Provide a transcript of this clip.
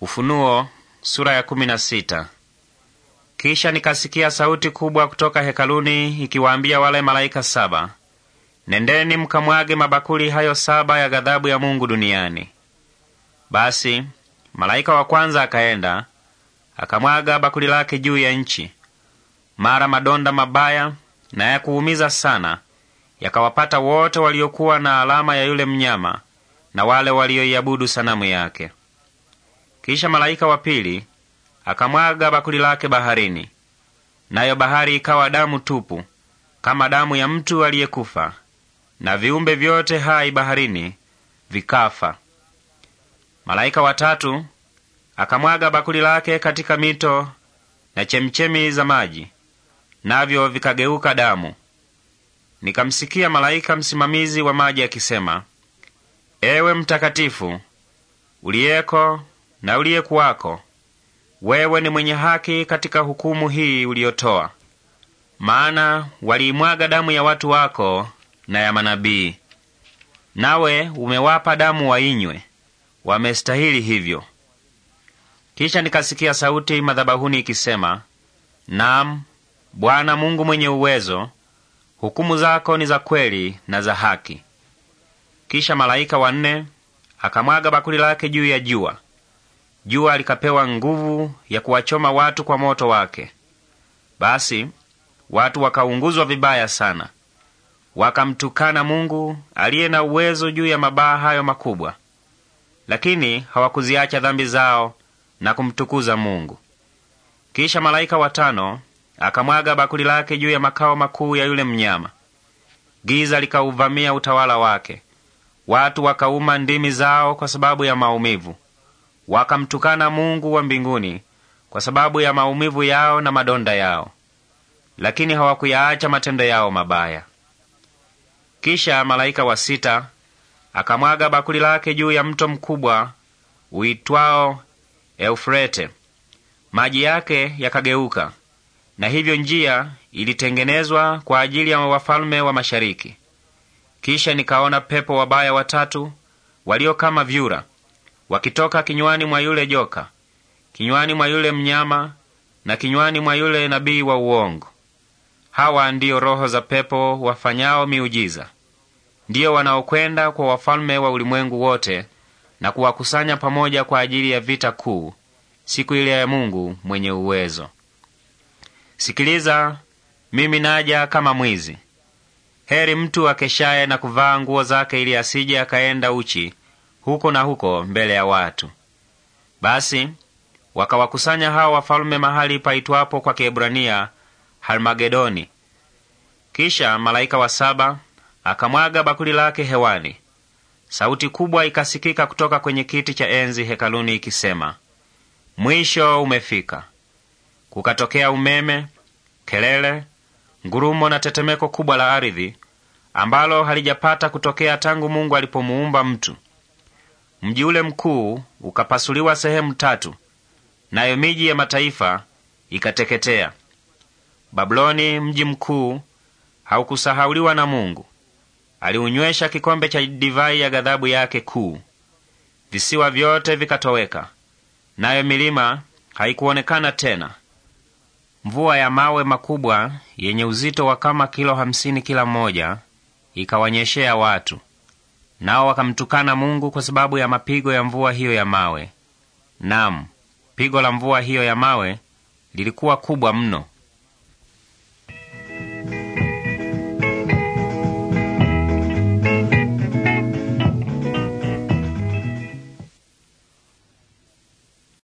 Ufunuo sura ya kumi na sita. Kisha nikasikia sauti kubwa kutoka hekaluni ikiwaambia wale malaika saba, nendeni mkamwage mabakuli hayo saba ya ghadhabu ya Mungu duniani. Basi malaika wa kwanza akaenda akamwaga bakuli lake juu ya nchi. Mara madonda mabaya na ya kuumiza sana yakawapata wote waliokuwa na alama ya yule mnyama na wale walioiabudu sanamu yake. Kisha malaika wa pili akamwaga bakuli lake baharini, nayo bahari ikawa damu tupu kama damu ya mtu aliyekufa, na viumbe vyote hai baharini vikafa. Malaika watatu akamwaga bakuli lake katika mito na chemchemi za maji, navyo vikageuka damu. Nikamsikia malaika msimamizi wa maji akisema, Ewe mtakatifu uliyeko na uliyekuwako, wewe ni mwenye haki katika hukumu hii uliyotoa, maana waliimwaga damu ya watu wako na ya manabii, nawe umewapa damu wainywe. Wamestahili hivyo. Kisha nikasikia sauti madhabahuni ikisema, nam Bwana Mungu mwenye uwezo, hukumu zako ni za kweli na za haki. Kisha malaika wanne akamwaga bakuli lake juu ya jua, jua likapewa nguvu ya kuwachoma watu kwa moto wake. Basi watu wakaunguzwa vibaya sana, wakamtukana Mungu aliye na uwezo juu ya mabaa hayo makubwa, lakini hawakuziacha dhambi zao na kumtukuza Mungu. Kisha malaika watano akamwaga bakuli lake juu ya makao makuu ya yule mnyama. Giza likauvamia utawala wake, watu wakauma ndimi zao kwa sababu ya maumivu wakamtukana Mungu wa mbinguni kwa sababu ya maumivu yao na madonda yao, lakini hawakuyaacha matendo yao mabaya. Kisha malaika wa sita akamwaga bakuli lake juu ya mto mkubwa uitwao Eufrete. Maji yake yakageuka, na hivyo njia ilitengenezwa kwa ajili ya wafalme wa mashariki. Kisha nikaona pepo wabaya watatu walio kama vyura wakitoka kinywani mwa yule joka, kinywani mwa yule mnyama na kinywani mwa yule nabii wa uongo. Hawa ndiyo roho za pepo wafanyao miujiza, ndiyo wanaokwenda kwa wafalme wa ulimwengu wote na kuwakusanya pamoja kwa ajili ya vita kuu, siku ile ya Mungu mwenye uwezo. Sikiliza, mimi naja kama mwizi. Heri mtu akeshaye na kuvaa nguo zake, ili asije akaenda uchi huko na huko mbele ya watu. Basi wakawakusanya hao wafalume mahali paitwapo kwa Kiebrania Harmagedoni. Kisha malaika wa saba akamwaga bakuli lake hewani. Sauti kubwa ikasikika kutoka kwenye kiti cha enzi hekaluni ikisema, mwisho umefika. Kukatokea umeme, kelele, ngurumo na tetemeko kubwa la ardhi ambalo halijapata kutokea tangu Mungu alipomuumba mtu. Mji ule mkuu ukapasuliwa sehemu tatu, nayo miji ya mataifa ikateketea. Babuloni mji mkuu haukusahauliwa na Mungu, aliunywesha kikombe cha divai ya ghadhabu yake kuu. Visiwa vyote vikatoweka, nayo milima haikuonekana tena. Mvua ya mawe makubwa yenye uzito wa kama kilo hamsini kila mmoja ikawanyeshea watu. Nao wakamtukana Mungu kwa sababu ya mapigo ya mvua hiyo ya mawe. Naam, pigo la mvua hiyo ya mawe lilikuwa kubwa mno.